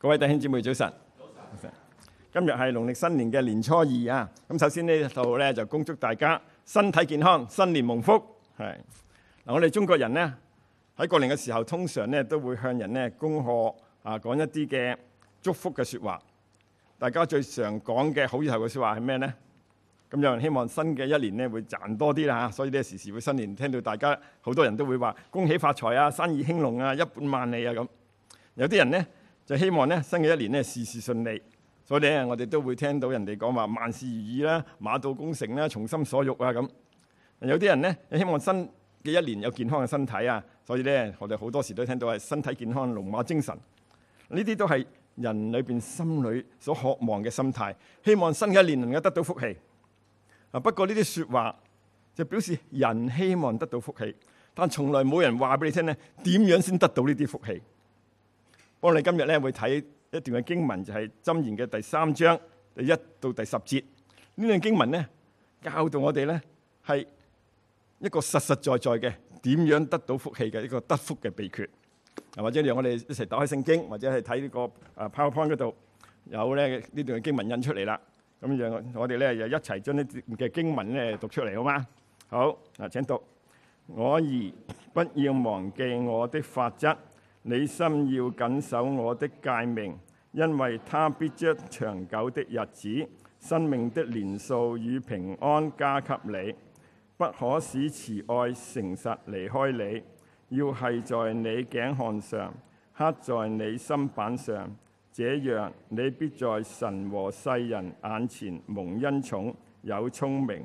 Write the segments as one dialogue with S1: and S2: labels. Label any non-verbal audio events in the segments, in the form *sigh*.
S1: 各位弟兄姐妹，早晨！今日係農曆新年嘅年初二啊！咁首先一呢度咧就恭祝大家身體健康，新年蒙福。係嗱，我哋中國人呢，喺過年嘅時候，通常咧都會向人咧恭賀啊，講一啲嘅祝福嘅説話。大家最常講嘅好意頭嘅説話係咩咧？咁有人希望新嘅一年咧會賺多啲啦，啊，所以呢，時時會新年聽到大家好多人都會話恭喜發財啊、生意興隆啊、一本萬利啊咁。有啲人咧，就希望咧，新嘅一年咧事事順利。所以咧，我哋都會聽到人哋講話萬事如意啦，馬到功成啦，從心所欲啊咁。有啲人咧，又希望新嘅一年有健康嘅身體啊。所以咧，我哋好多時都聽到係身體健康、龍馬精神。呢啲都係人裏邊心裏所渴望嘅心態，希望新嘅一年能夠得到福氣。啊，不過呢啲說話就表示人希望得到福氣，但從來冇人話俾你聽咧點樣先得到呢啲福氣。我哋今日咧會睇一段嘅經文，就係《箴言》嘅第三章第一到第十節。呢段經文咧教導我哋咧係一個實實在在嘅點樣得到福氣嘅一個得福嘅秘訣，啊，或者讓我哋一齊打開聖經，或者係睇呢個啊 PowerPoint 嗰度有咧呢段嘅經文印出嚟啦。咁樣我哋咧又一齊將呢嘅經文咧讀出嚟好嗎？好，嗱，請讀。我兒，不要忘記我的法則。你心要謹守我的誡命，因為他必將長久的日子、生命的年數與平安加給你，不可使慈愛、誠實離開你。要繫在你頸項上，刻在你心板上，這樣你必在神和世人眼前蒙恩寵，有聰明。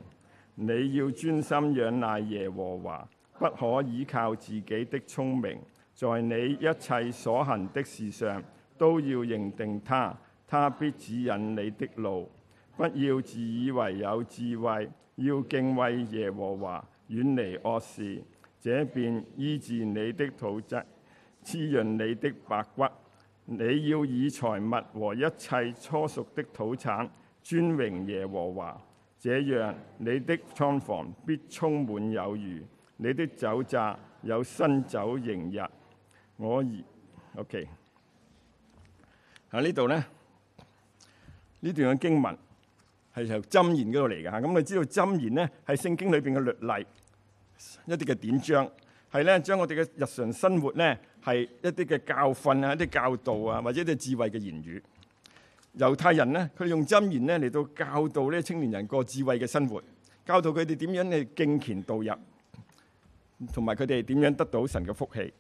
S1: 你要專心仰賴耶和華，不可倚靠自己的聰明。在你一切所行的事上都要認定他，他必指引你的路。不要自以為有智慧，要敬畏耶和華，遠離惡事，這便醫治你的土質，滋潤你的白骨。你要以財物和一切初熟的土產尊榮耶和華，這樣你的倉房必充滿有餘，你的酒榨有新酒盈溢。我而 OK 啊！呢度咧，呢段嘅經文係由箴言嗰度嚟㗎。咁、啊、我知道箴言咧係聖經裏邊嘅律例、一啲嘅典章，係咧將我哋嘅日常生活咧係一啲嘅教訓啊、一啲教導啊，或者一啲智慧嘅言語。猶太人咧，佢用箴言咧嚟到教導呢青年人過智慧嘅生活，教導佢哋點樣去敬虔導入，同埋佢哋點樣得到神嘅福氣。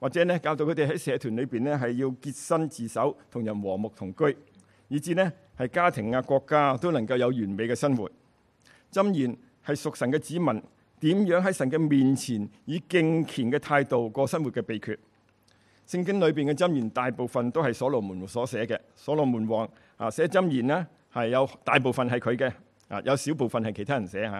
S1: 或者咧教導佢哋喺社團裏邊咧係要潔身自守，同人和睦同居，以致咧係家庭啊、國家都能夠有完美嘅生活。箴言係屬神嘅子民，點樣喺神嘅面前以敬虔嘅態度過生活嘅秘訣。聖經裏邊嘅箴言大部分都係所羅門所寫嘅，所羅門王啊寫箴言呢，係有大部分係佢嘅啊，有少部分係其他人寫吓。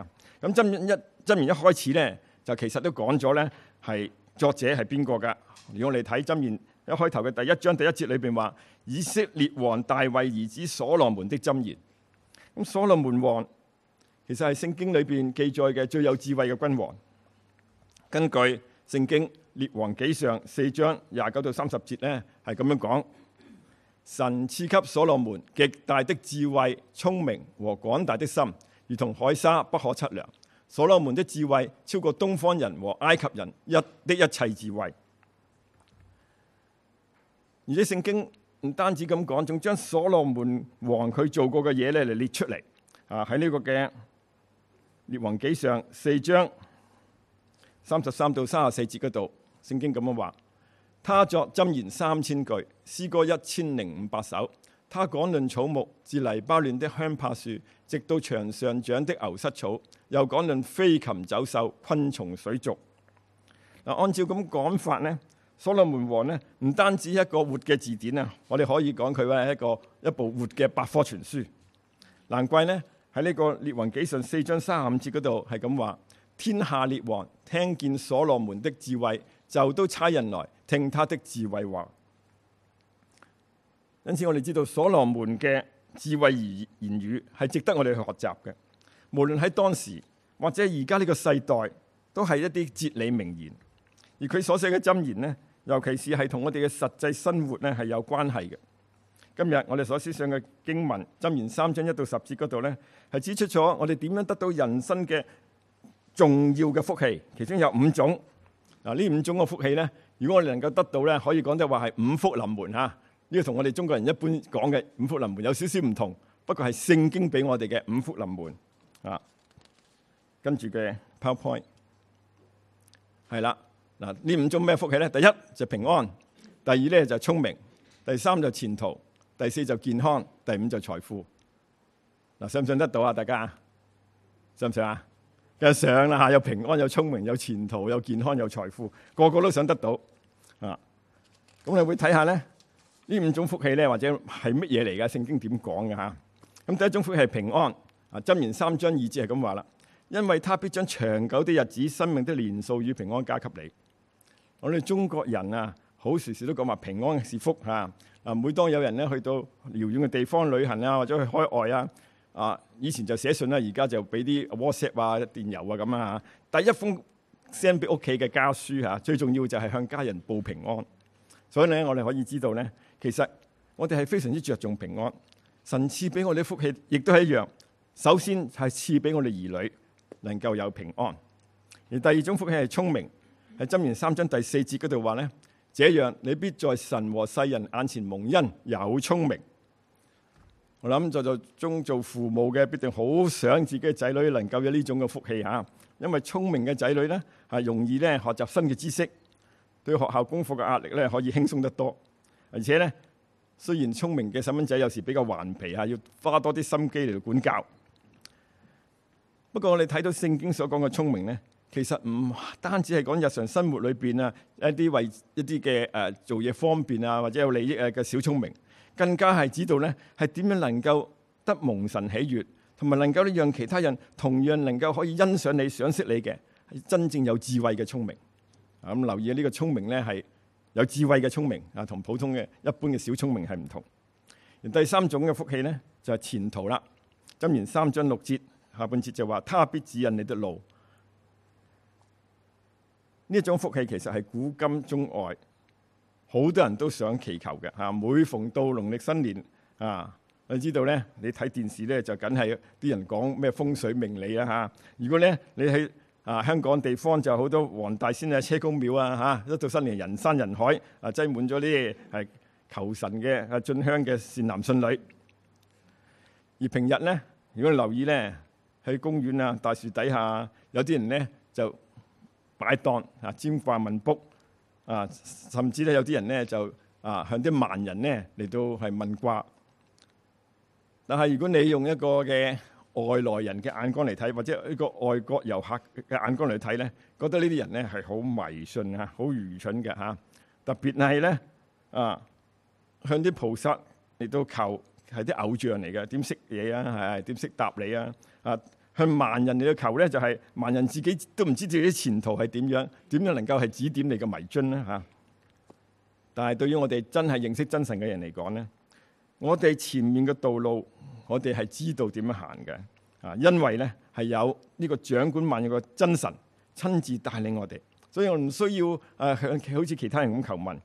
S1: 咁、啊、箴一箴言一開始呢，就其實都講咗呢。係。作者係邊個噶？如果我哋睇箴言一開頭嘅第一章第一節裏邊話，以色列王大衛兒子所羅門的箴言。咁所羅門王其實係聖經裏邊記載嘅最有智慧嘅君王。根據聖經列王紀上四章廿九到三十節呢，係咁樣講：神賜給所羅門極大的智慧、聰明和廣大的心，如同海沙不可測量。所羅門的智慧超過東方人和埃及人一的一切智慧。而且聖經唔單止咁講，仲將所羅門王佢做過嘅嘢咧嚟列出嚟。啊，喺呢個嘅列王紀上四章三十三到三十四節嗰度，聖經咁樣話：他作箴言三千句，詩歌一千零五百首。他講論草木，自利巴嫩的香柏樹，直到牆上長的牛膝草；又講論飛禽走獸、昆蟲水族。嗱，按照咁講法呢，所羅門王呢，唔單止一個活嘅字典啊，我哋可以講佢咧係一個一部活嘅百科全書。難怪呢喺呢個列王紀上四章三十五節嗰度係咁話：天下列王聽見所羅門的智慧，就都差人來聽他的智慧話。因此，我哋知道所羅門嘅智慧言語係值得我哋去學習嘅。無論喺當時或者而家呢個世代，都係一啲哲理名言。而佢所寫嘅箴言呢，尤其是係同我哋嘅實際生活呢係有關係嘅。今日我哋所思想嘅經文箴言三章一到十節嗰度呢，係指出咗我哋點樣得到人生嘅重要嘅福氣，其中有五種嗱。呢五種嘅福氣呢，如果我哋能夠得到呢，可以講就話係五福臨門嚇。呢個同我哋中國人一般講嘅五福臨門有少少唔同，不過係聖經俾我哋嘅五福臨門啊。跟住嘅 PowerPoint 係啦，嗱，呢五種咩福氣咧？第一就是、平安，第二咧就是、聰明，第三就是、前途，第四就是、健康，第五就是、財富。嗱、啊，信唔信得到啊？大家信唔信啊？梗想上啦吓，有平安，有聰明，有前途，有健康，有財富，個個都想得到啊。咁你會睇下咧？呢五種福氣咧，或者係乜嘢嚟噶？聖經點講嘅吓？咁第一種福氣係平安。啊，箴言三章二節係咁話啦，因為他必將長久的日子、生命的年數與平安加給你。我哋中國人啊，好時時都講話平安是福吓，嗱、啊，每當有人咧去到遙遠嘅地方旅行啊，或者去海外啊，啊，以前就寫信啦、啊，而家就俾啲 WhatsApp 啊、電郵啊咁啊嚇。第一封 send 俾屋企嘅家書嚇、啊，最重要就係向家人報平安。所以咧，我哋可以知道咧。其實我哋係非常之着重平安。神賜俾我哋福氣，亦都係一樣。首先係賜俾我哋兒女能夠有平安，而第二種福氣係聰明。喺箴言三章第四節嗰度話咧，這樣你必在神和世人眼前蒙恩，有聰明。我諗在座中做父母嘅，必定好想自己嘅仔女能夠有呢種嘅福氣嚇，因為聰明嘅仔女咧係容易咧學習新嘅知識，對學校功課嘅壓力咧可以輕鬆得多。而且咧，雖然聰明嘅細蚊仔有時比較頑皮吓，要花多啲心機嚟管教。不過我哋睇到聖經所講嘅聰明咧，其實唔單止係講日常生活裏邊啊一啲為一啲嘅誒做嘢方便啊或者有利益嘅小聰明，更加係指導咧係點樣能夠得蒙神喜悅，同埋能夠咧讓其他人同樣能夠可以欣賞你、賞識你嘅，係真正有智慧嘅聰明。咁，嗯，留意下呢個聰明咧係。有智慧嘅聰明啊，同普通嘅一般嘅小聰明係唔同。而第三種嘅福氣咧，就係、是、前途啦。《箴言三章六節》下半節就話：他必指引你的路。呢一種福氣其實係古今中外好多人都想祈求嘅嚇。每逢到農曆新年啊，你知道咧，你睇電視咧就梗係啲人講咩風水命理啦嚇、啊。如果咧你喺……啊，香港地方就好多黃大仙嘅車公廟啊，嚇、啊、一到新年人山人海，啊擠滿咗啲係求神嘅啊進香嘅善男信女。而平日咧，如果你留意咧，喺公園啊、大樹底下，有啲人咧就擺檔啊、占卦問卜啊，甚至咧有啲人咧就啊向啲盲人咧嚟到係問卦。但係如果你用一個嘅，外來人嘅眼光嚟睇，或者呢個外國遊客嘅眼光嚟睇咧，覺得呢啲人咧係好迷信嚇、好愚蠢嘅嚇。特別係咧啊，向啲菩薩亦都求係啲偶像嚟嘅，點識嘢啊？係啊，點識答你啊？啊，向盲人嚟到求咧，就係、是、盲人自己都唔知自己前途係點樣，點樣能夠係指點你嘅迷津咧嚇。但係對於我哋真係認識真神嘅人嚟講咧，我哋前面嘅道路。我哋係知道點樣行嘅，啊，因為咧係有呢個掌管萬有嘅真神親自帶領我哋，所以我唔需要誒向、呃、好似其他人咁求問，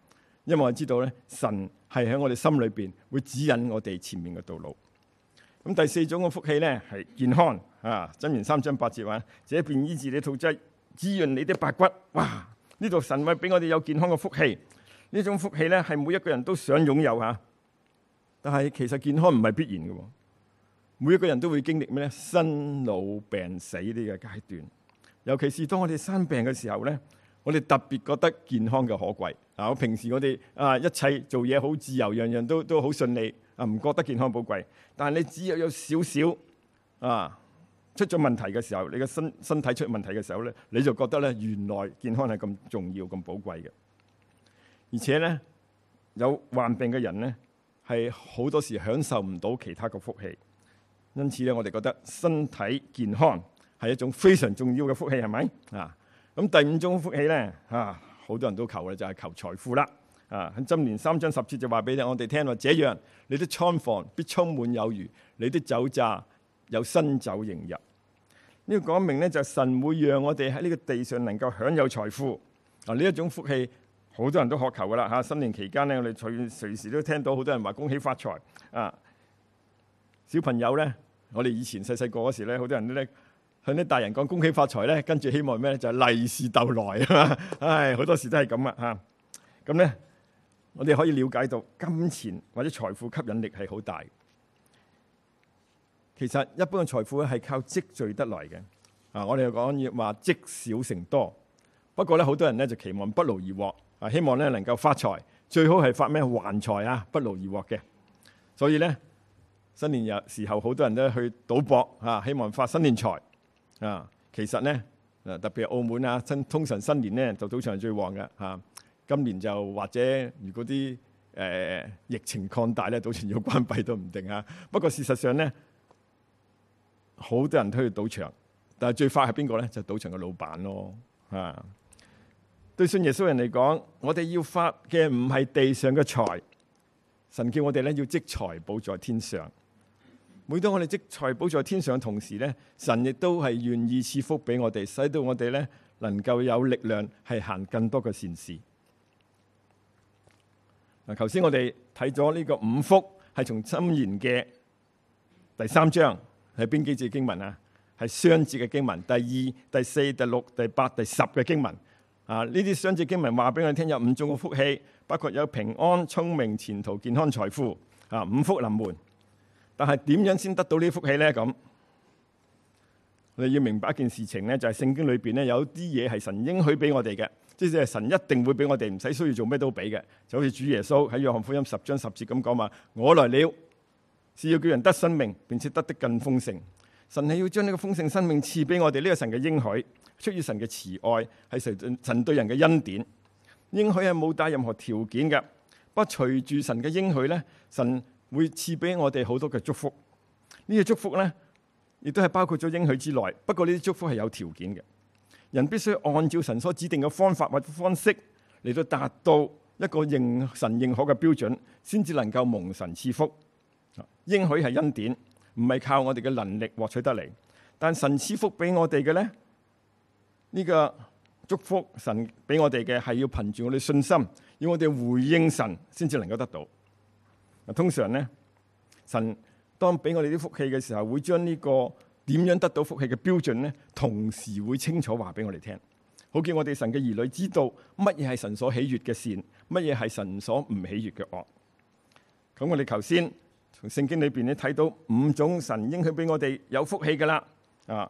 S1: 因為我知道咧神係喺我哋心裏邊會指引我哋前面嘅道路。咁、嗯、第四種嘅福氣咧係健康啊，箴言三章八節話：這便醫治你肚臍，滋潤你的白骨。哇！呢度神位俾我哋有健康嘅福氣，呢種福氣咧係每一個人都想擁有嚇、啊，但係其實健康唔係必然嘅喎。每一個人都會經歷咩咧？生老病死呢個階段，尤其是當我哋生病嘅時候咧，我哋特別覺得健康嘅可貴啊！平時我哋啊一切做嘢好自由，樣樣都都好順利啊，唔覺得健康寶貴。但係你只有有少少啊出咗問題嘅時候，你嘅身身體出問題嘅時候咧，你就覺得咧原來健康係咁重要、咁寶貴嘅。而且咧，有患病嘅人咧係好多時享受唔到其他嘅福氣。因此咧，我哋覺得身體健康係一種非常重要嘅福氣，係咪啊？咁第五種福氣咧，啊好多人都求嘅就係、是、求財富啦。啊喺《箴言三章十節》就話俾你我哋聽話，這樣你的倉房必充滿有餘，你的酒榨有新酒盈溢。這」個、呢個講明咧，就是、神會讓我哋喺呢個地上能夠享有財富。嗱呢一種福氣，好多人都渴求噶啦。嚇、啊、新年期間咧，我哋隨隨時都聽到好多人話恭喜發財。啊小朋友咧～我哋以前細細個嗰時咧，好多人都咧向啲大人講恭喜發財咧，跟住希望咩咧就利是逗來啊嘛！唉，好多時都係咁啊吓。咁、嗯、咧，我哋可以了解到金錢或者財富吸引力係好大。其實一般嘅財富咧係靠積聚得來嘅啊。我哋又講要話積少成多。不過咧，好多人咧就期望不勞而獲啊，希望咧能夠發財，最好係發咩橫財啊，不勞而獲嘅。所以咧。新年日時候，好多人都去賭博嚇，希望發新年財啊！其實咧，特別澳門啊，新通常新年咧就賭場最旺噶嚇、啊。今年就或者如果啲誒、呃、疫情擴大咧，賭場要關閉都唔定嚇、啊。不過事實上咧，好多人都去賭場，但係最快係邊個咧？就是、賭場嘅老闆咯嚇、啊。對信耶穌人嚟講，我哋要發嘅唔係地上嘅財，神叫我哋咧要積財寶在天上。每當我哋積財寶在天上同時咧，神亦都係願意賜福俾我哋，使到我哋咧能夠有力量係行更多嘅善事。嗱，頭先我哋睇咗呢個五福係從箴言嘅第三章，係邊幾節經文啊？係雙節嘅經文，第二、第四、第六、第八、第十嘅經文。啊，呢啲雙節經文話俾我哋聽有五種嘅福氣，包括有平安、聰明、前途、健康、財富，啊，五福臨門。但係點樣先得到呢啲福氣咧？咁，我哋要明白一件事情咧，就係、是、聖經裏邊咧有啲嘢係神應許俾我哋嘅，即係神一定會俾我哋，唔使需要做咩都俾嘅。就好似主耶穌喺約翰福音十章十節咁講話，我來了是要叫人得生命，並且得的更豐盛。神係要將呢個豐盛生命賜俾我哋，呢、這個神嘅應許出於神嘅慈愛，係神對人嘅恩典。應許係冇帶任何條件嘅，不隨住神嘅應許咧，神。會賜俾我哋好多嘅祝福，呢個祝福呢，亦都係包括咗應許之內。不過呢啲祝福係有條件嘅，人必須按照神所指定嘅方法或者方式嚟，到達到一個認神認可嘅標準，先至能夠蒙神賜福。應許係恩典，唔係靠我哋嘅能力獲取得嚟。但神賜福俾我哋嘅呢，呢個祝福神俾我哋嘅係要憑住我哋信心，要我哋回應神，先至能夠得到。通常咧，神當俾我哋啲福氣嘅時候，會將呢個點樣得到福氣嘅標準咧，同時會清楚話俾我哋聽，好叫我哋神嘅兒女知道乜嘢係神所喜悅嘅善，乜嘢係神所唔喜悅嘅惡。咁我哋頭先從聖經裏邊咧，睇到五種神應許俾我哋有福氣噶啦。啊，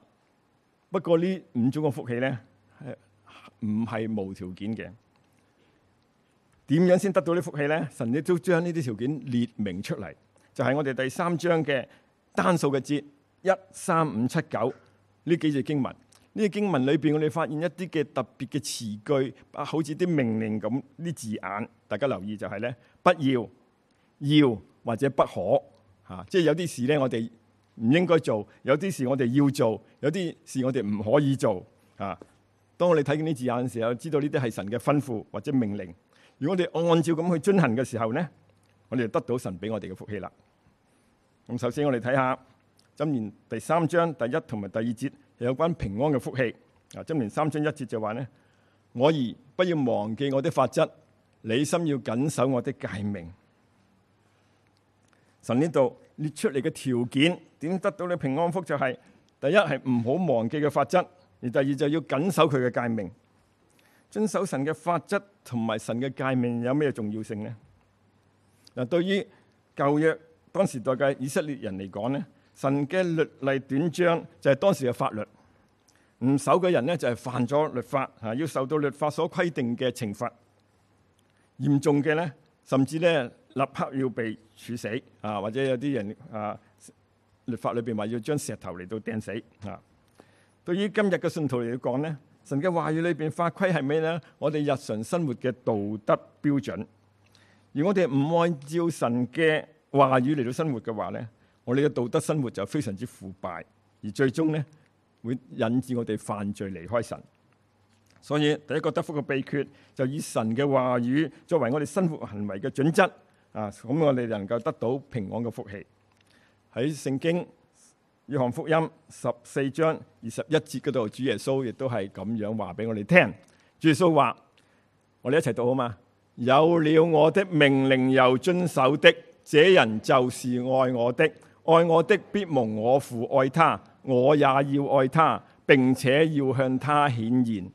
S1: 不過呢五種嘅福氣咧，係唔係無條件嘅。點樣先得到呢福氣咧？神亦都將呢啲條件列明出嚟，就係我哋第三章嘅單數嘅節一三五七九呢幾隻經文。呢個經文裏邊，我哋發現一啲嘅特別嘅詞句，啊，好似啲命令咁啲字眼。大家留意就係咧，不要、要或者不可，吓，即係有啲事咧，我哋唔應該做；有啲事我哋要做；有啲事我哋唔可以做。啊，當我哋睇見啲字眼嘅時候，知道呢啲係神嘅吩咐或者命令。如果我哋按照咁去遵行嘅時候呢，我哋就得到神俾我哋嘅福氣啦。咁首先我哋睇下箴言第三章第一同埋第二節，有關平安嘅福氣。啊，箴言三章一節就話呢，我兒不要忘記我的法則，你心要謹守我的誡命。神呢度列出嚟嘅條件，點得到你平安福，就是？就係第一係唔好忘記嘅法則，而第二就要謹守佢嘅誡命。遵守神嘅法則同埋神嘅誡命有咩重要性呢？嗱，對於舊約當時代嘅以色列人嚟講咧，神嘅律例短章就係當時嘅法律，唔守嘅人咧就係犯咗律法，嚇要受到律法所規定嘅懲罰。嚴重嘅咧，甚至咧立刻要被處死，啊，或者有啲人啊，律法裏邊話要將石頭嚟到掟死。嚇，對於今日嘅信徒嚟講咧。神嘅話語裏邊法規係咩呢？我哋日常生活嘅道德標準，而我哋唔按照神嘅話語嚟到生活嘅話呢，我哋嘅道德生活就非常之腐敗，而最終呢，會引致我哋犯罪離開神。所以第一個得福嘅秘訣就以神嘅話語作為我哋生活行為嘅準則啊，咁我哋能夠得到平安嘅福氣喺聖經。《約翰福音》十四章二十一節嗰度，主耶穌亦都係咁樣話俾我哋聽。主耶穌話：我哋一齊讀好嘛？有了我的命令又遵守的，這人就是愛我的。愛我的必蒙我父愛他，我也要愛他，並且要向他顯現。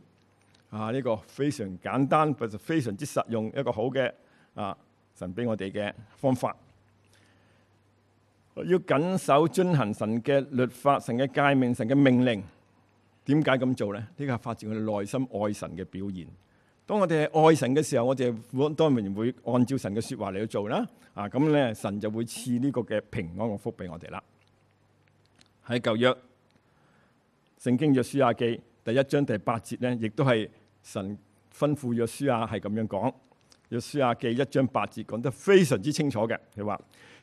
S1: 啊，呢個非常簡單，但係非常之實用，一個好嘅，啊，神俾我哋嘅方法。要謹守遵行神嘅律法、神嘅誡命、神嘅命令。點解咁做咧？呢個係發自我哋內心愛神嘅表現。當我哋係愛神嘅時候，我哋當然會按照神嘅說話嚟去做啦。啊，咁咧，神就會賜呢個嘅平安嘅福俾我哋啦。喺舊約聖經約書亞記第一章第八節咧，亦都係神吩咐約書亞係咁樣講。約書亞記一章八節講得非常之清楚嘅，佢話。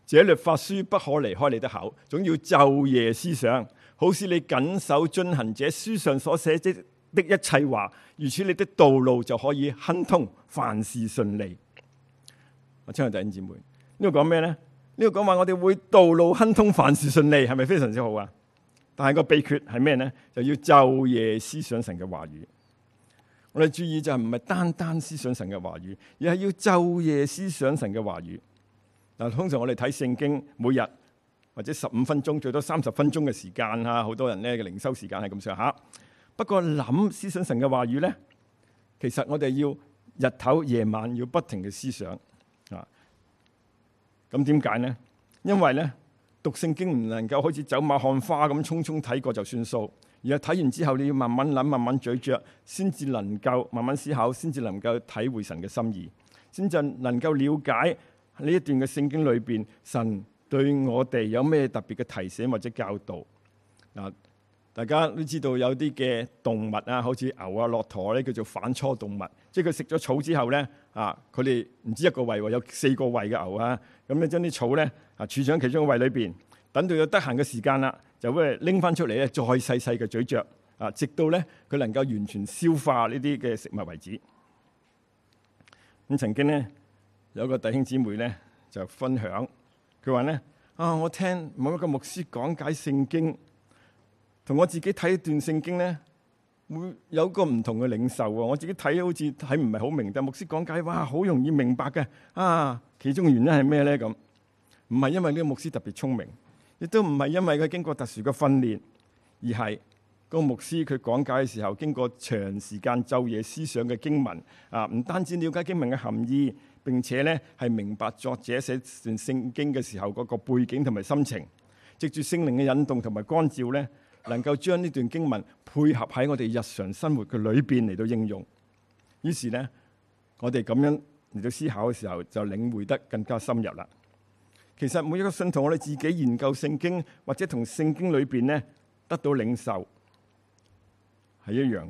S1: 這律法書不可離開你的口，總要晝夜思想，好似你緊守遵行這書上所寫的的一切話，如此你的道路就可以亨通，凡事順利。我親愛弟兄姊妹，這個、呢度講咩咧？呢度講話我哋會道路亨通，凡事順利，係咪非常之好啊？但係個祕訣係咩咧？就要晝夜思想神嘅話語。我哋注意就係唔係單單思想神嘅話語，而係要晝夜思想神嘅話語。嗱，通常我哋睇聖經每，每日或者十五分鐘，最多三十分鐘嘅時間嚇，好多人咧嘅靈修時間係咁上下。不過諗思想神嘅話語咧，其實我哋要日頭夜晚要不停嘅思想啊。咁點解呢？因為咧讀聖經唔能夠好似走馬看花咁匆匆睇過就算數，而係睇完之後你要慢慢諗，慢慢咀嚼，先至能夠慢慢思考，先至能夠體會神嘅心意，先至能夠了解。呢一段嘅聖經裏邊，神對我哋有咩特別嘅提醒或者教導？嗱、啊，大家都知道有啲嘅動物啊，好似牛啊、駱駝咧，叫做反芻動物，即係佢食咗草之後咧，啊，佢哋唔止一個胃喎，有四個胃嘅牛啊，咁咧將啲草咧啊儲喺其中個胃裏邊，等到有得閒嘅時間啦，就會拎翻出嚟咧，再細細嘅咀嚼啊，直到咧佢能夠完全消化呢啲嘅食物為止。咁曾經咧。有個弟兄姊妹咧就分享，佢話咧啊，我聽某一個牧師講解聖經，同我自己睇一段聖經咧，會有個唔同嘅領受。啊！我自己睇好似睇唔係好明，但牧師講解，哇，好容易明白嘅啊！其中原因係咩咧？咁唔係因為呢個牧師特別聰明，亦都唔係因為佢經過特殊嘅訓練，而係。那個牧師佢講解嘅時候，經過長時間晝夜思想嘅經文，啊，唔單止了解經文嘅含義，並且咧係明白作者寫段聖經嘅時候嗰個背景同埋心情，藉住聖靈嘅引動同埋光照咧，能夠將呢段經文配合喺我哋日常生活嘅裏邊嚟到應用。於是咧，我哋咁樣嚟到思考嘅時候，就領會得更加深入啦。其實每一個信徒，我哋自己研究聖經，或者同聖經裏邊咧得到領受。係一樣。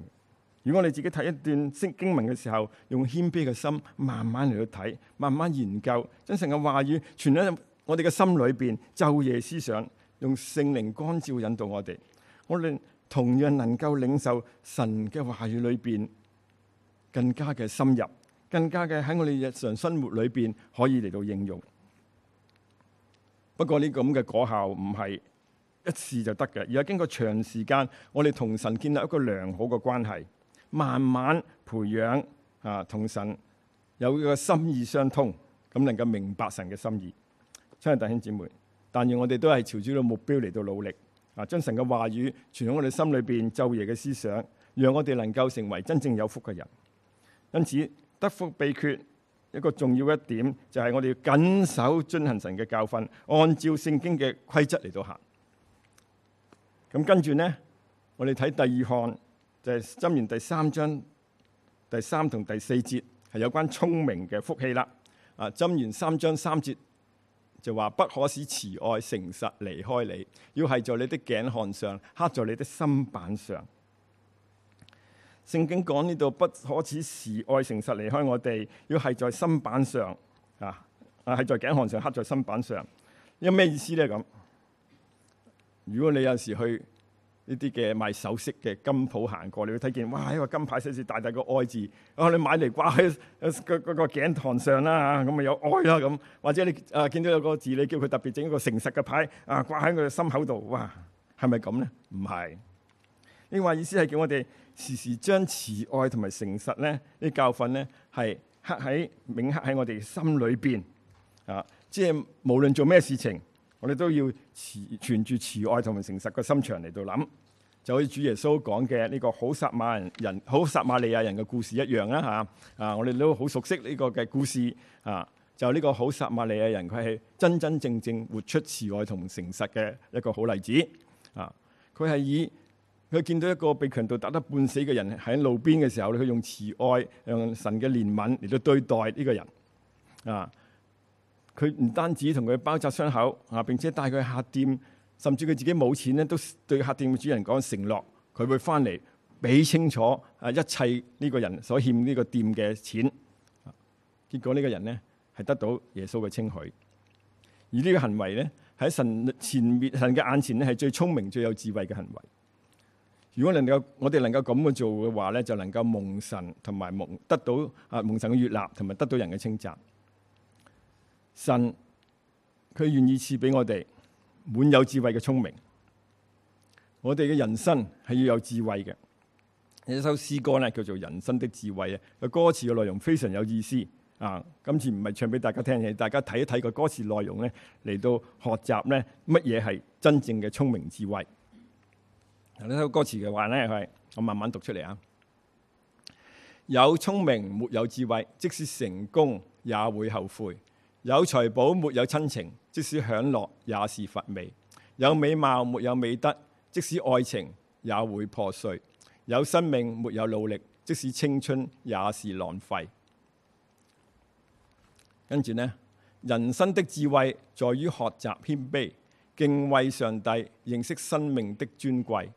S1: 如果我哋自己睇一段聖經文嘅時候，用謙卑嘅心，慢慢嚟到睇，慢慢研究，將成個話語傳入我哋嘅心裏邊，晝夜思想，用聖靈光照引導我哋，我哋同樣能夠領受神嘅話語裏邊更加嘅深入，更加嘅喺我哋日常生活裏邊可以嚟到應用。不過呢個咁嘅果效唔係。一次就得嘅，而家經過長時間，我哋同神建立一個良好嘅關係，慢慢培養啊，同神有個心意相通，咁能夠明白神嘅心意。親愛弟兄姊妹，但願我哋都係朝住個目標嚟到努力啊，將神嘅話語傳喺我哋心裏邊，晝夜嘅思想，讓我哋能夠成為真正有福嘅人。因此，得福秘訣一個重要一點就係、是、我哋要謹守遵行神嘅教訓，按照聖經嘅規則嚟到行。咁跟住咧，我哋睇第二項就係《箴言》第三章第三同第四節，係有關聰明嘅福氣啦。啊，《箴言》三章三節就話不可使慈愛誠實離開你，要係在你的頸項上刻在你的心板上。聖經講呢度，不可使慈愛誠實離開我哋，要係在心板上啊，係在頸項上刻在心板上。因咩意思咧？咁？如果你有時去呢啲嘅賣首飾嘅金鋪行過，你會睇見，哇！呢個金牌寫住大大個愛字，哦、啊，你買嚟掛喺個個頸堂上啦，咁咪有愛啦咁。或者你啊見到有個字，你叫佢特別整一個誠實嘅牌，啊掛喺佢嘅心口度，哇，係咪咁咧？唔係，呢個意思係叫我哋時時將慈愛同埋誠實咧啲教訓咧，係刻喺銘刻喺我哋心裏邊啊，即係無論做咩事情。我哋都要持存住慈愛同埋誠實嘅心腸嚟到諗，就好似主耶穌講嘅呢個好撒瑪人人好撒瑪利亞人嘅故事一樣啦嚇。啊，我哋都好熟悉呢個嘅故事啊。就呢個好撒瑪利亞人，佢係真真正正活出慈愛同誠實嘅一個好例子啊。佢係以佢見到一個被強盜打得半死嘅人喺路邊嘅時候，佢用慈愛、用神嘅憐憫嚟到對待呢個人啊。佢唔單止同佢包紮傷口，啊！並且帶佢去客店，甚至佢自己冇錢咧，都對客店嘅主人講，承諾佢會翻嚟俾清楚啊一切呢個人所欠呢個店嘅錢。結果呢個人咧係得到耶穌嘅稱許，而呢個行為咧喺神前面神嘅眼前咧係最聰明最有智慧嘅行為。如果能夠我哋能夠咁樣做嘅話咧，就能夠蒙神同埋蒙得到啊蒙，蒙神嘅悦納，同埋得到人嘅稱讚。神佢願意賜俾我哋滿有智慧嘅聰明。我哋嘅人生係要有智慧嘅。有一首詩歌呢，叫做《人生的智慧》啊，個歌詞嘅內容非常有意思啊。今次唔係唱俾大家聽，係大家睇一睇個歌詞內容呢，嚟到學習呢，乜嘢係真正嘅聰明智慧。嗱，呢首歌詞嘅話呢，係我慢慢讀出嚟啊。有聰明沒有智慧，即使成功也會後悔。有財寶沒有親情，即使享樂也是乏味；有美貌沒有美德，即使愛情也會破碎；有生命沒有努力，即使青春也是浪費。跟住呢，人生的智慧在於學習謙卑、敬畏上帝、認識生命的尊貴。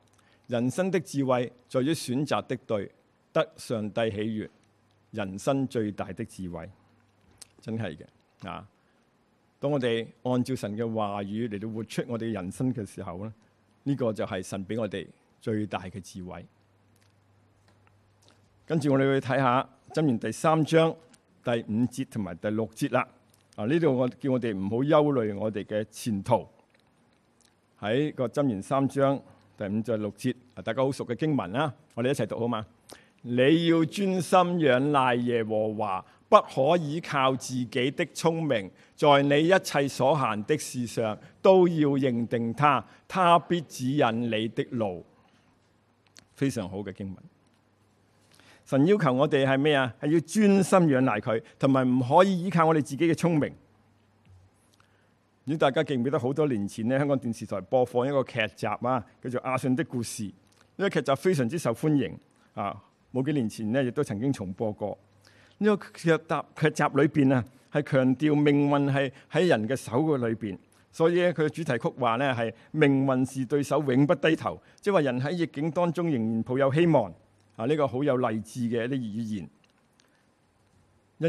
S1: 人生的智慧在於選擇的對，得上帝喜悅。人生最大的智慧，真係嘅。啊！當我哋按照神嘅話語嚟到活出我哋人生嘅時候咧，呢個就係神俾我哋最大嘅智慧。跟住我哋去睇下箴言第三章第五節同埋第六節啦。啊，呢度我叫我哋唔好憂慮我哋嘅前途。喺個箴言三章第五至六節，啊，大家好熟嘅經文啦，我哋一齊讀好嘛？你要專心仰賴耶和華。不可以靠自己的聰明，在你一切所行的事上都要認定他，他必指引你的路。非常好嘅經文，神要求我哋係咩啊？係要專心仰賴佢，同埋唔可以依靠我哋自己嘅聰明。如果大家記唔記得好多年前呢？香港電視台播放一個劇集啊，叫做《亞信的故事》，呢、呢個劇集非常之受歡迎啊！冇幾年前呢，亦都曾經重播過。呢個劇集劇集裏邊啊，係強調命運係喺人嘅手嘅裏邊，所以咧佢嘅主題曲話咧係命運是對手永不低頭，即係話人喺逆境當中仍然抱有希望啊！呢個好有勵志嘅一啲語言，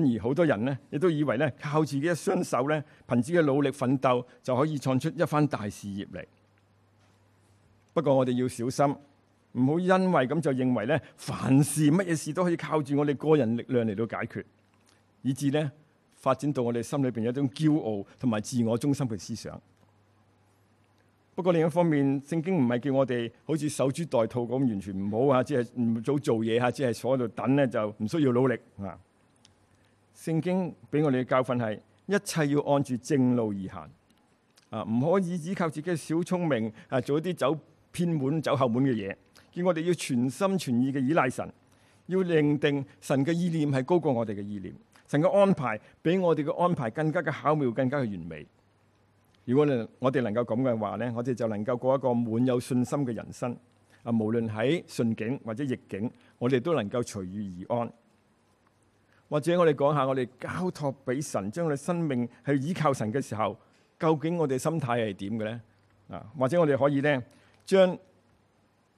S1: 因而好多人咧亦都以為咧靠自己一雙手咧，憑自己嘅努力奮鬥就可以創出一番大事業嚟。不過我哋要小心。唔好因為咁就認為咧，凡事乜嘢事都可以靠住我哋個人力量嚟到解決，以致咧發展到我哋心裏邊有一種驕傲同埋自我中心嘅思想。不過另一方面，聖經唔係叫我哋好似守株待兔咁完全唔好啊，即係唔早做嘢吓，啊，即係坐喺度等咧就唔需要努力啊。聖經俾我哋嘅教訓係一切要按住正路而行啊，唔可以只靠自己嘅小聰明啊，做一啲走偏門、走後門嘅嘢。叫我哋要全心全意嘅依賴神，要認定神嘅意念係高過我哋嘅意念，神嘅安排比我哋嘅安排更加嘅巧妙，更加嘅完美。如果我能我哋能夠咁嘅話咧，我哋就能夠過一個滿有信心嘅人生。啊，無論喺順境或者逆境，我哋都能夠隨遇而安。或者我哋講下我哋交託俾神，將我哋生命去依靠神嘅時候，究竟我哋心態係點嘅咧？啊，或者我哋可以咧將。將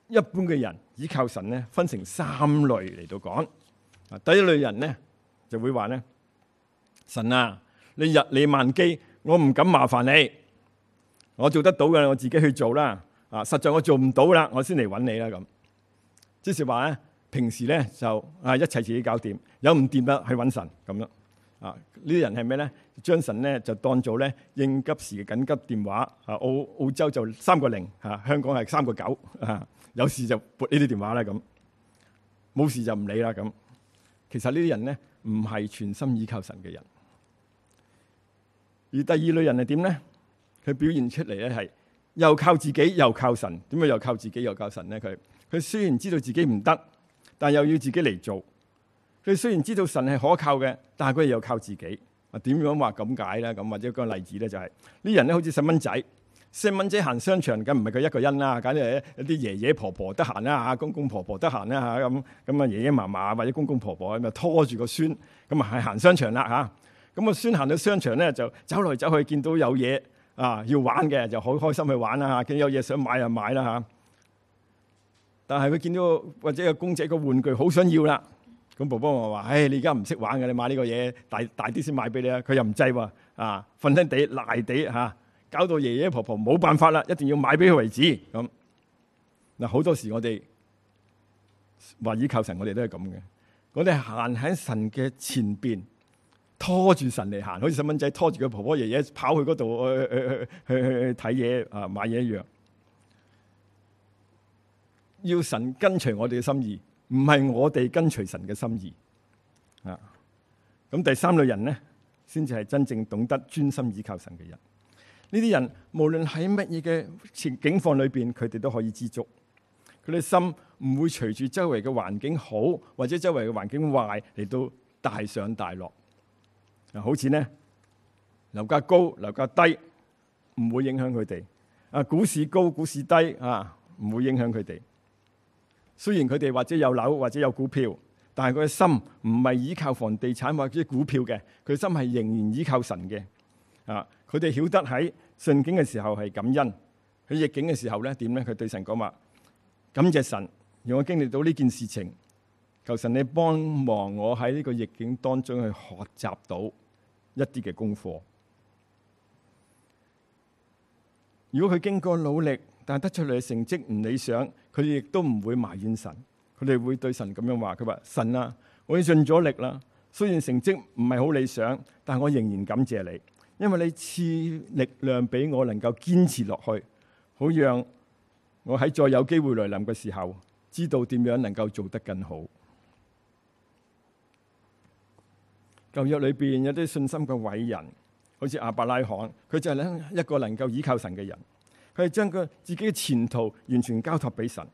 S1: 一般嘅人依靠神咧，分成三類嚟到講。啊，第一類人咧就會話咧：神啊，你日理萬機，我唔敢麻煩你，我做得到嘅我自己去做啦。啊，實在我做唔到啦，我先嚟揾你啦咁。即、就係話咧，平時咧就啊一切自己搞掂，有唔掂得，去揾神咁樣。啊，呢啲人係咩咧？將神咧就當做咧應急時嘅緊急電話。啊，澳澳洲就三個零，吓香港係三個九，啊。有事就撥呢啲電話啦，咁冇事就唔理啦，咁其實呢啲人咧唔係全心依靠神嘅人。而第二類人係點咧？佢表現出嚟咧係又靠自己又靠神。點解又靠自己又靠神咧？佢佢雖然知道自己唔得，但又要自己嚟做。佢雖然知道神係可靠嘅，但係佢又靠自己。啊，點樣話咁解咧？咁或者個例子咧就係、是、呢人咧好似細蚊仔。細蚊仔行商場，梗唔係佢一個人啦，簡直係一啲爺爺婆婆得閒啦嚇，公公婆婆得閒啦嚇，咁咁啊爺爺嫲嫲或者公公婆婆咁啊拖住個孫，咁啊係行商場啦嚇。咁、啊個孫行到商場咧，就走嚟走去，見到有嘢啊要玩嘅，就好開心去玩啦嚇、啊。見到有嘢想買就買啦嚇、啊。但係佢見到或者個公仔個玩具好想要啦，咁婆婆咪話：唉、哎，你而家唔識玩嘅，你買呢個嘢大大啲先買俾你啊！佢又唔制喎，啊，瞓親地賴地嚇。啊。搞到爺爺婆婆冇辦法啦，一定要買俾佢為止咁嗱。好多時我哋話倚靠神，我哋都係咁嘅。我哋行喺神嘅前邊，拖住神嚟行，好似細蚊仔拖住個婆婆爺爺跑去嗰度去去去去睇嘢啊，買嘢一樣。要神跟隨我哋嘅心意，唔係我哋跟隨神嘅心意啊。咁第三類人咧，先至係真正懂得專心倚靠神嘅人。呢啲人無論喺乜嘢嘅情境況裏邊，佢哋都可以知足，佢哋心唔會隨住周圍嘅環境好或者周圍嘅環境壞嚟到大上大落。啊，好似呢，樓價高樓價低唔會影響佢哋，啊，股市高股市低啊唔會影響佢哋。雖然佢哋或者有樓或者有股票，但係佢嘅心唔係依靠房地產或者股票嘅，佢心係仍然依靠神嘅。啊！佢哋曉得喺順境嘅時候係感恩，喺逆境嘅時候咧點咧？佢對神講話，感謝神，讓我經歷到呢件事情。求神你幫忙我喺呢個逆境當中去學習到一啲嘅功課。如果佢經過努力，但係得出嚟嘅成績唔理想，佢亦都唔會埋怨神。佢哋會對神咁樣話：佢話神啊，我已經盡咗力啦，雖然成績唔係好理想，但我仍然感謝你。因為你賜力量俾我，能夠堅持落去，好讓我喺再有機會來臨嘅時候，知道點樣能夠做得更好。舊約裏邊有啲信心嘅偉人，好似亞伯拉罕，佢就係咧一個能夠倚靠神嘅人，佢係將佢自己嘅前途完全交托俾神，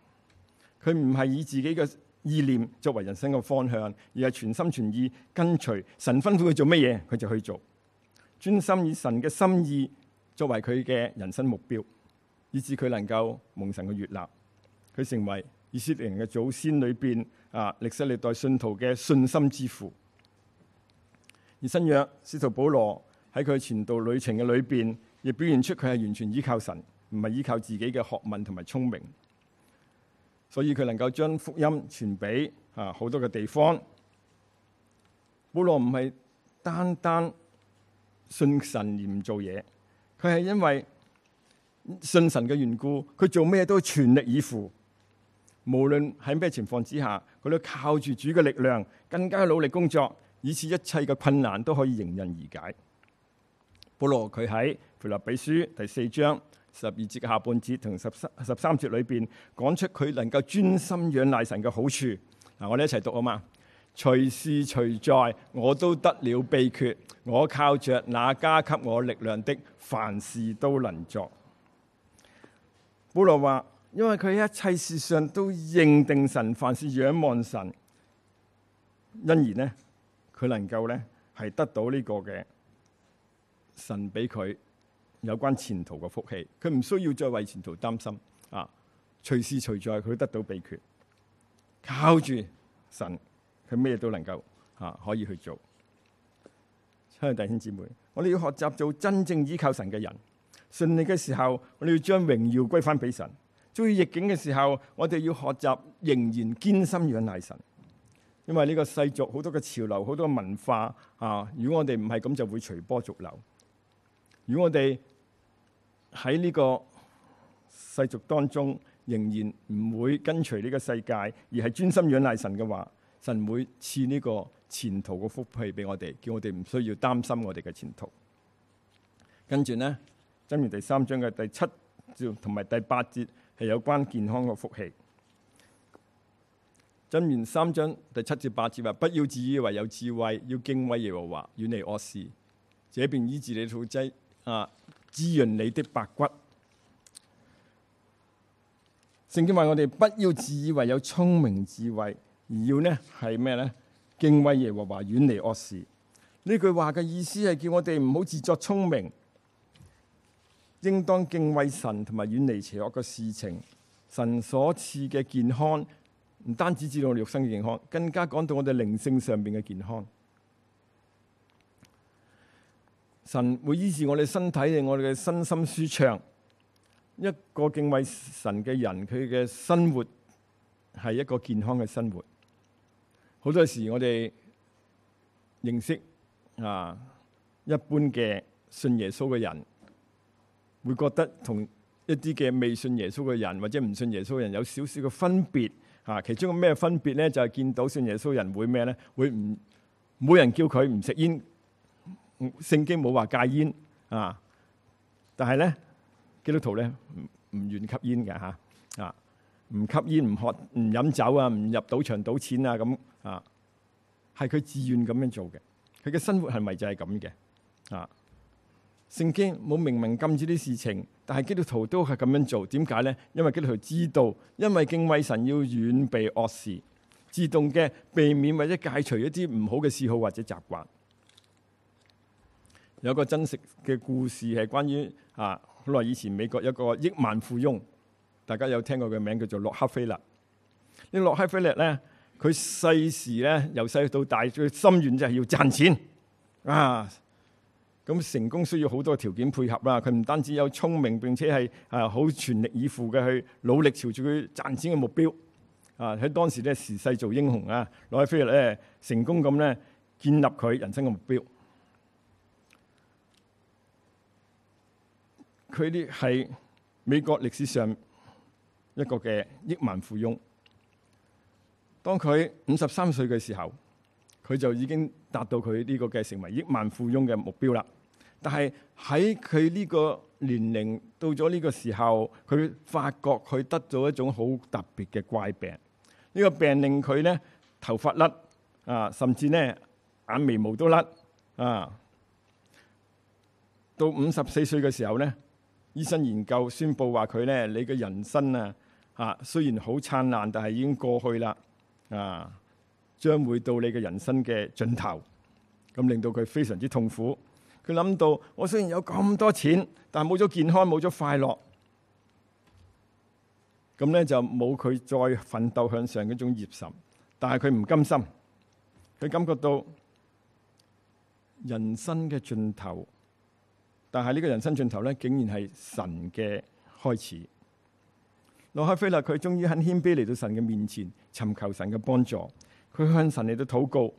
S1: 佢唔係以自己嘅意念作為人生嘅方向，而係全心全意跟隨神吩咐佢做乜嘢，佢就去做。專心以神嘅心意作為佢嘅人生目標，以致佢能夠蒙神嘅悅納，佢成為以色列人嘅祖先裏邊啊歷世歷代信徒嘅信心之父。而新約，使徒保羅喺佢前度旅程嘅裏邊，亦表現出佢係完全依靠神，唔係依靠自己嘅學問同埋聰明，所以佢能夠將福音傳俾啊好多嘅地方。保羅唔係單單。信神而唔做嘢，佢係因為信神嘅緣故，佢做咩都全力以赴，無論喺咩情況之下，佢都靠住主嘅力量，更加努力工作，以致一切嘅困難都可以迎刃而解。保羅佢喺腓立比書第四章十二節嘅下半節同十三十三節裏邊講出佢能夠專心仰賴神嘅好處。嗱，我哋一齊讀好嘛？隨事隨在我都得了秘訣，我靠着那加給我力量的，凡事都能作。保羅話：因為佢一切事上都認定神，凡事仰望神，因而呢，佢能夠呢係得到呢個嘅神俾佢有關前途嘅福氣，佢唔需要再為前途擔心啊！隨事隨在佢得到秘訣，靠住神。佢咩嘢都能夠嚇、啊、可以去做，親愛嘅弟兄姊妹，我哋要學習做真正依靠神嘅人。順利嘅時候，我哋要將榮耀歸翻俾神；遭遇逆境嘅時候，我哋要學習仍然堅心仰賴神。因為呢個世俗好多嘅潮流，好多嘅文化啊。如果我哋唔係咁，就會隨波逐流。如果我哋喺呢個世俗當中仍然唔會跟隨呢個世界，而係專心仰賴神嘅話，神會賜呢個前途嘅福氣俾我哋，叫我哋唔需要擔心我哋嘅前途。跟住呢，箴言第三章嘅第七節同埋第八節係有關健康嘅福氣。箴言三章第七節八節話，不要自以為有智慧，要敬畏耶和華，遠離惡事。這便醫治你嘅肚臍啊，滋潤你的白骨。聖經話我哋不要自以為有聰明智慧。而要呢，係咩呢？敬畏耶和華，遠離惡事。呢句話嘅意思係叫我哋唔好自作聰明，應當敬畏神，同埋遠離邪惡嘅事情。神所賜嘅健康，唔單止指到我哋肉身嘅健康，更加講到我哋靈性上面嘅健康。神會醫治我哋身體，令我哋嘅身心舒暢。一個敬畏神嘅人，佢嘅生活係一個健康嘅生活。好多時我哋認識啊一般嘅信耶穌嘅人，會覺得同一啲嘅未信耶穌嘅人或者唔信耶穌嘅人有少少嘅分別啊。其中個咩分別咧，就係、是、見到信耶穌嘅人會咩咧？會唔冇人叫佢唔食煙？聖經冇話戒煙啊，但係咧，基督徒咧唔唔願吸煙嘅吓。啊唔吸煙、唔喝、唔飲酒啊，唔入賭場賭錢啊，咁啊，係佢自願咁樣做嘅。佢嘅生活係咪就係咁嘅？啊，聖經冇明明禁止啲事情，但係基督徒都係咁樣做。點解咧？因為基督徒知道，因為敬畏神要遠避惡事，自動嘅避免或者戒除一啲唔好嘅嗜好或者習慣。有個真實嘅故事係關於啊，好耐以前美國有個億萬富翁。大家有聽過個名叫做洛克菲勒？呢洛克菲勒咧，佢細時咧由細到大，佢心願就係要賺錢啊！咁成功需要好多條件配合啦。佢唔單止有聰明，並且係啊好全力以赴嘅去努力朝住佢賺錢嘅目標啊！喺當時咧，時勢做英雄啊，洛克菲勒咧成功咁咧建立佢人生嘅目標。佢啲係美國歷史上一個嘅億萬富翁，當佢五十三歲嘅時候，佢就已經達到佢呢個嘅成為億萬富翁嘅目標啦。但係喺佢呢個年齡到咗呢個時候，佢發覺佢得咗一種好特別嘅怪病。呢、這個病令佢咧頭髮甩啊，甚至咧眼眉毛都甩啊。到五十四歲嘅時候咧，醫生研究宣布話佢咧，你嘅人生啊！啊，雖然好燦爛，但係已經過去啦。啊，將會到你嘅人生嘅盡頭，咁令到佢非常之痛苦。佢諗到，我雖然有咁多錢，但係冇咗健康，冇咗快樂，咁咧就冇佢再奮鬥向上嗰種熱忱。但係佢唔甘心，佢感覺到人生嘅盡頭。但係呢個人生盡頭咧，竟然係神嘅開始。洛克菲勒佢終於很謙卑嚟到神嘅面前尋求神嘅幫助，佢向神嚟到禱告，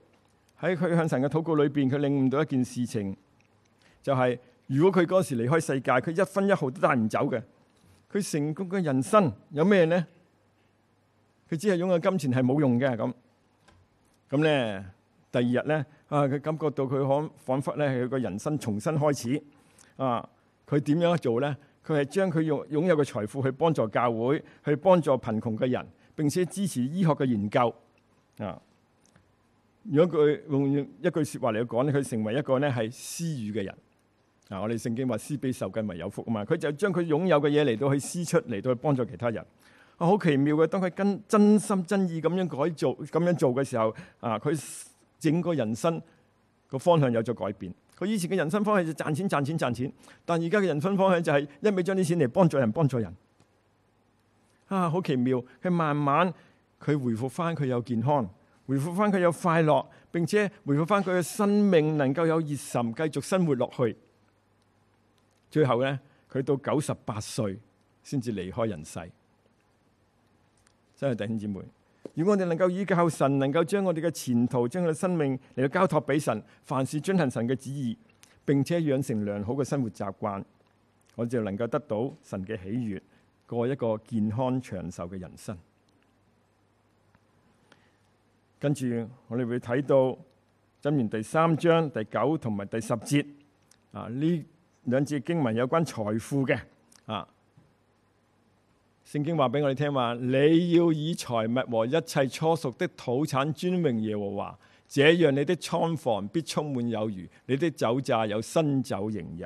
S1: 喺佢向神嘅禱告裏邊，佢領悟到一件事情，就係如果佢嗰時離開世界，佢一分一毫都帶唔走嘅，佢成功嘅人生有咩呢？佢只係擁有金錢係冇用嘅咁，咁咧第二日咧啊，佢感覺到佢可仿佛咧，佢個人生重新開始啊，佢點樣做咧？佢係將佢用擁有嘅財富去幫助教會，去幫助貧窮嘅人，並且支持醫學嘅研究。啊，如果佢用一句説話嚟講咧，佢成為一個咧係施予嘅人。嗱、啊，我哋聖經話施比受更為有福啊嘛。佢就將佢擁有嘅嘢嚟到去施出，嚟到去幫助其他人。啊，好奇妙嘅！當佢跟真心真意咁樣改造、咁樣做嘅時候，啊，佢整個人生個方向有咗改變。佢以前嘅人生方向就賺錢、賺錢、賺錢，但而家嘅人生方向就係一味將啲錢嚟幫助人、幫助人。啊，好奇妙！佢慢慢，佢回復翻佢有健康，回復翻佢有快樂，並且回復翻佢嘅生命能夠有熱忱繼續生活落去。最後咧，佢到九十八歲先至離開人世。真係弟兄姊妹。如果我哋能夠依靠神，能夠將我哋嘅前途、將佢哋生命嚟到交託俾神，凡事遵行神嘅旨意，並且養成良好嘅生活習慣，我就能夠得到神嘅喜悦，過一個健康長壽嘅人生。跟住我哋會睇到箴言第三章第九同埋第十節啊，呢兩節經文有關財富嘅啊。聖經話俾我哋聽話，你要以財物和一切初熟的土產尊榮耶和華，這樣你的倉房必充滿有餘，你的酒榨有新酒盈溢。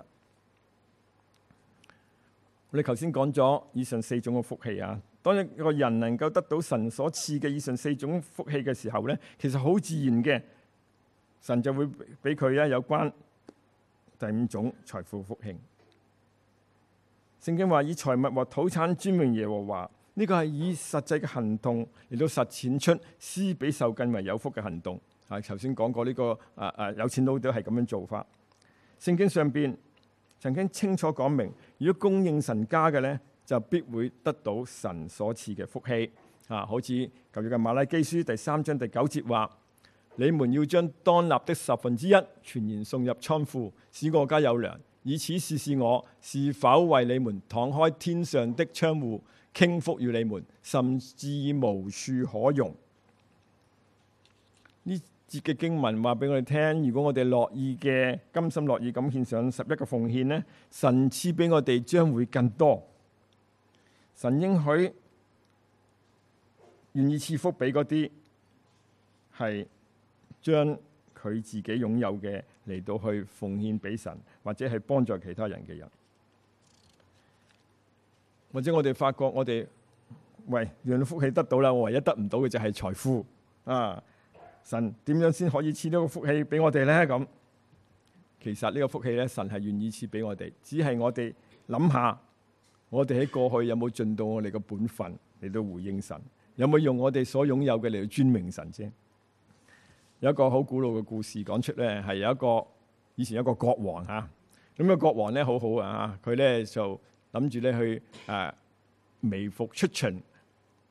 S1: 我哋頭先講咗以上四種嘅福氣啊，當一個人能夠得到神所賜嘅以上四種福氣嘅時候呢，其實好自然嘅，神就會俾佢啊有關第五種財富福氣。聖經話以財物和土產尊榮耶和華，呢個係以實際嘅行動嚟到實踐出施比受更為有福嘅行動。啊，頭先講過呢個啊，啊有錢佬都係咁樣做法。聖經上邊曾經清楚講明，如果供應神家嘅呢，就必會得到神所賜嘅福氣。啊，好似舊約嘅馬拉基書第三章第九節話：你們要將當納的十分之一全然送入倉庫，使我家有糧。以此試試我是否為你們敞開天上的窗戶，傾福與你們，甚至無處可容。呢節嘅經文話俾我哋聽：如果我哋樂意嘅、甘心樂意咁獻上十一個奉獻咧，神賜俾我哋將會更多。神應許願意賜福俾嗰啲係將佢自己擁有嘅。嚟到去奉獻俾神，或者係幫助其他人嘅人，或者我哋發覺我哋，喂，讓福氣得到啦，我唯一得唔到嘅就係財富啊！神點樣先可以賜到個福氣俾我哋咧？咁其實呢個福氣咧，神係願意賜俾我哋，只係我哋諗下，我哋喺過去有冇盡到我哋嘅本分，嚟到回應神，有冇用我哋所擁有嘅嚟到尊榮神先？有一個好古老嘅故事講出咧，係有一個以前有一個國王嚇，咁個國王咧好好啊，佢咧就諗住咧去誒微服出巡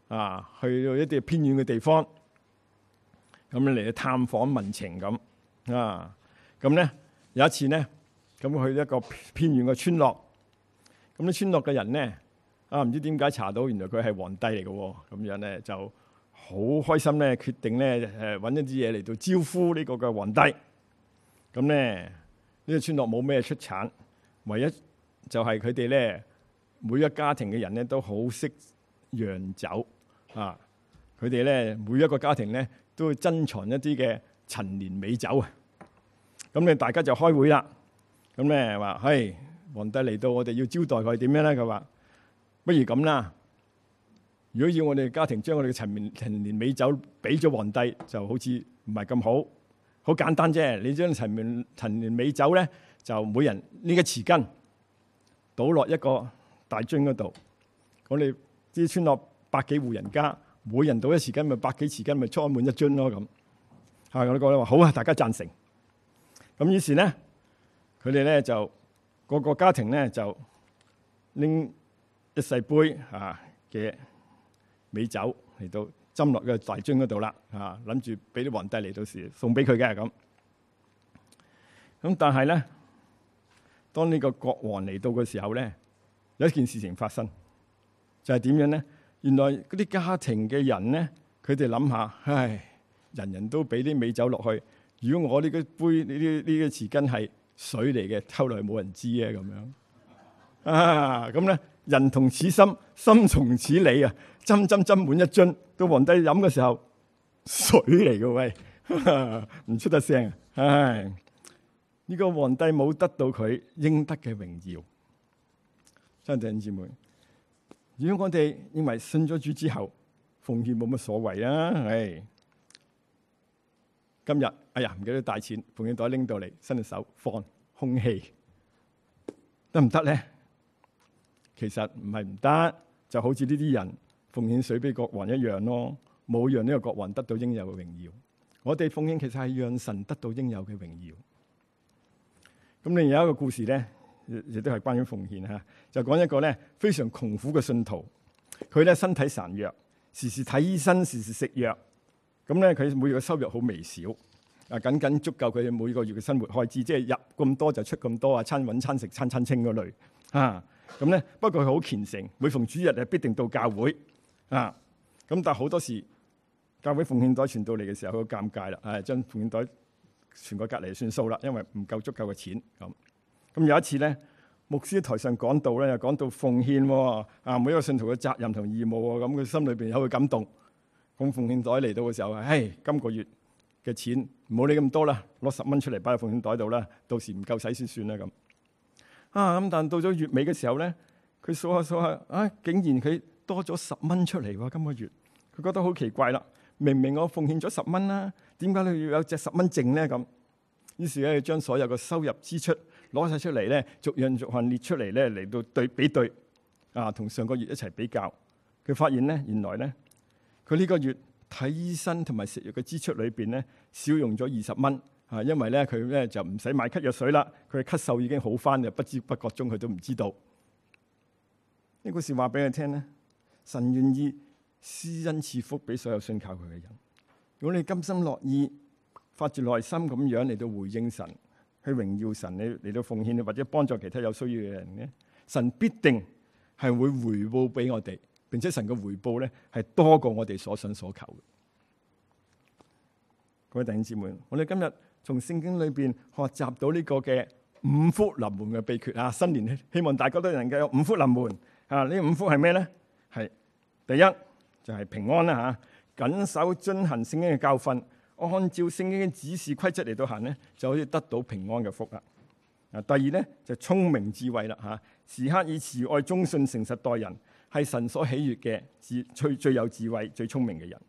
S1: 啊，去到一啲偏遠嘅地方，咁樣嚟去探訪民情咁啊。咁咧有一次咧，咁去一個偏遠嘅村落，咁啲村落嘅人咧啊，唔知點解查到原來佢係皇帝嚟嘅喎，咁樣咧就。好開心咧，決定咧誒揾一啲嘢嚟到招呼呢個嘅皇帝。咁咧呢個村落冇咩出產，唯一就係佢哋咧每一家庭嘅人咧都好識釀酒啊！佢哋咧每一個家庭咧都、啊、都會珍藏一啲嘅陳年美酒啊！咁咧大家就開會啦。咁咧話，嘿，皇帝嚟到，我哋要招待佢點樣咧？佢話不如咁啦。如果要我哋家庭將我哋嘅陳年陳年美酒俾咗皇帝，就好似唔係咁好。好簡單啫，你將陳年陳年美酒咧，就每人拎一匙羹，倒落一個大樽嗰度。我哋啲村落百幾戶人家，每人倒一匙羹，咪百幾匙羹，咪裝滿一樽咯。咁啊，我哋講咧話好啊，大家贊成。咁於是咧，佢哋咧就個個家庭咧就拎一細杯啊嘅。美酒嚟到斟落個大樽嗰度啦，啊諗住俾啲皇帝嚟到時送俾佢嘅咁咁、就是、但係咧，當呢個國王嚟到嘅時候咧，有一件事情發生，就係、是、點樣咧？原來嗰啲家庭嘅人咧，佢哋諗下，唉，人人都俾啲美酒落去，如果我呢個杯呢啲呢個匙羹係水嚟嘅，偷嚟冇人知啊咁樣啊咁咧。人同此心，心同此理啊！斟斟斟滿一樽，到皇帝飲嘅時候，水嚟嘅喂，唔 *laughs* 出得聲啊！呢、這個皇帝冇得到佢應得嘅榮耀。弟兄弟姊妹，如果我哋認為信咗主之後，奉獻冇乜所謂啦，唉！今日哎呀，唔記得帶錢，奉獻袋拎到嚟，伸隻手放空氣，得唔得咧？其實唔係唔得，就好似呢啲人奉獻水俾國王一樣咯，冇讓呢個國王得到應有嘅榮耀。我哋奉獻其實係讓神得到應有嘅榮耀。咁另有一個故事咧，亦亦都係關於奉獻嚇，就講一個咧非常窮苦嘅信徒，佢咧身體孱弱，時時睇醫生，時時食藥。咁咧佢每月嘅收入好微少，就是，啊，僅僅足夠佢哋每個月嘅生活開支，即係入咁多就出咁多啊，餐揾餐食，餐餐清嗰類咁咧，不過佢好虔誠，每逢主日係必定到教會啊。咁但係好多時，教會奉獻袋傳到嚟嘅時候，佢好尷尬啦。誒、哎，將奉獻袋傳過隔離算數啦，因為唔夠足夠嘅錢。咁咁有一次咧，牧師喺台上講到咧，又講到奉獻喎、哦、啊，每一個信徒嘅責任同義務喎、哦。咁佢心裏邊有佢感動。咁奉獻袋嚟到嘅時候啊，誒、哎，今個月嘅錢唔好理咁多啦，攞十蚊出嚟擺喺奉獻袋度啦，到時唔夠使先算啦咁。啊咁，但到咗月尾嘅時候咧，佢數下數下，啊竟然佢多咗十蚊出嚟喎，今個月，佢覺得好奇怪啦！明明我奉獻咗十蚊啦、啊，點解你要有隻十蚊剩咧咁？於是咧，佢將所有嘅收入支出攞晒出嚟咧，逐樣逐行列出嚟咧，嚟到對比對啊，同上個月一齊比較，佢發現咧原來咧，佢呢個月睇醫生同埋食藥嘅支出裏邊咧少用咗二十蚊。啊，因為咧佢咧就唔使買咳藥水啦，佢嘅咳嗽已經好翻嘅，不知不覺中佢都唔知道。呢故事話俾佢聽咧，神願意施恩賜福俾所有信靠佢嘅人。如果你甘心樂意，發自內心咁樣嚟到回應神，去榮耀神，你嚟到奉獻，或者幫助其他有需要嘅人咧，神必定係會回報俾我哋，並且神嘅回報咧係多過我哋所想所求嘅。各位弟兄姊妹，我哋今日。從聖經裏邊學習到呢個嘅五福臨門嘅秘訣啊！新年希望大家都能夠有五福臨門啊！呢五福係咩咧？係第一就係、是、平安啦，吓、啊，謹守遵行聖經嘅教訓，按照聖經嘅指示規則嚟到行咧，就可以得到平安嘅福啊！啊，第二咧就聰明智慧啦，吓、啊，時刻以慈愛、忠信、誠實待人，係神所喜悅嘅智最最有智慧、最聰明嘅人。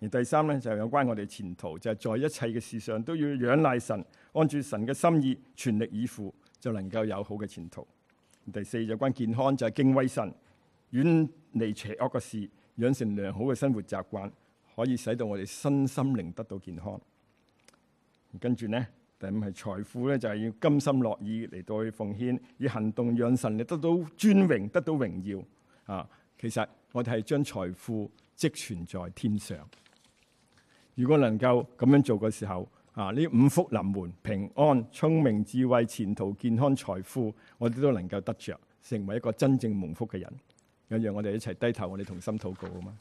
S1: 而第三咧就有關我哋前途，就係在一切嘅事上都要仰賴神，按住神嘅心意全力以赴，就能夠有好嘅前途。第四就有關健康，就係敬畏神，遠離邪惡嘅事，養成良好嘅生活習慣，可以使到我哋身心靈得到健康。跟住呢，第五係財富咧，就係要甘心樂意嚟到去奉獻，以行動養神，嚟得到尊榮，得到榮耀啊。其實我哋係將財富積存在天上。如果能夠咁樣做嘅時候，啊，呢五福臨門，平安、聰明、智慧、前途、健康、財富，我哋都能夠得着，成為一個真正蒙福嘅人。有讓我哋一齊低頭，我哋同心禱告啊！好嘛，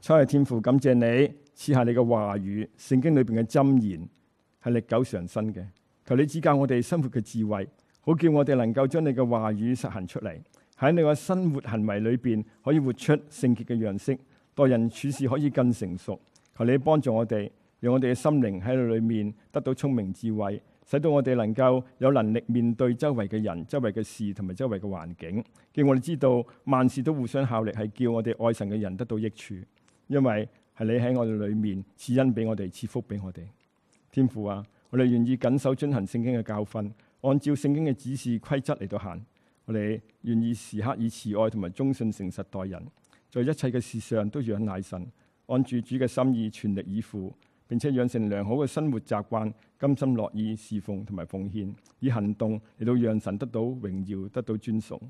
S1: 親愛的天父，感謝你賜下你嘅話語，聖經裏邊嘅箴言係歷久常新嘅。求你指教我哋生活嘅智慧，好叫我哋能夠將你嘅話語實行出嚟，喺你嘅生活行為裏邊可以活出聖潔嘅樣式。個人處事可以更成熟，求你幫助我哋，讓我哋嘅心靈喺裏面得到聰明智慧，使到我哋能夠有能力面對周圍嘅人、周圍嘅事同埋周圍嘅環境。叫我哋知道萬事都互相效力，係叫我哋愛神嘅人得到益處。因為係你喺我哋裏面賜恩俾我哋，賜福俾我哋。天父啊，我哋願意謹守遵行聖經嘅教訓，按照聖經嘅指示規則嚟到行。我哋願意時刻以慈愛同埋忠信誠實待人。在一切嘅事上都仰賴神，按住主嘅心意全力以赴，並且養成良好嘅生活習慣，甘心樂意侍奉同埋奉獻，以行動嚟到讓神得到榮耀，得到尊崇。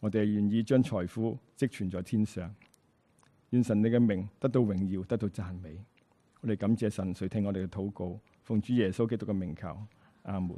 S1: 我哋願意將財富積存在天上，願神你嘅名得到榮耀，得到讚美。我哋感謝神，垂聽我哋嘅禱告，奉主耶穌基督嘅名求，阿門。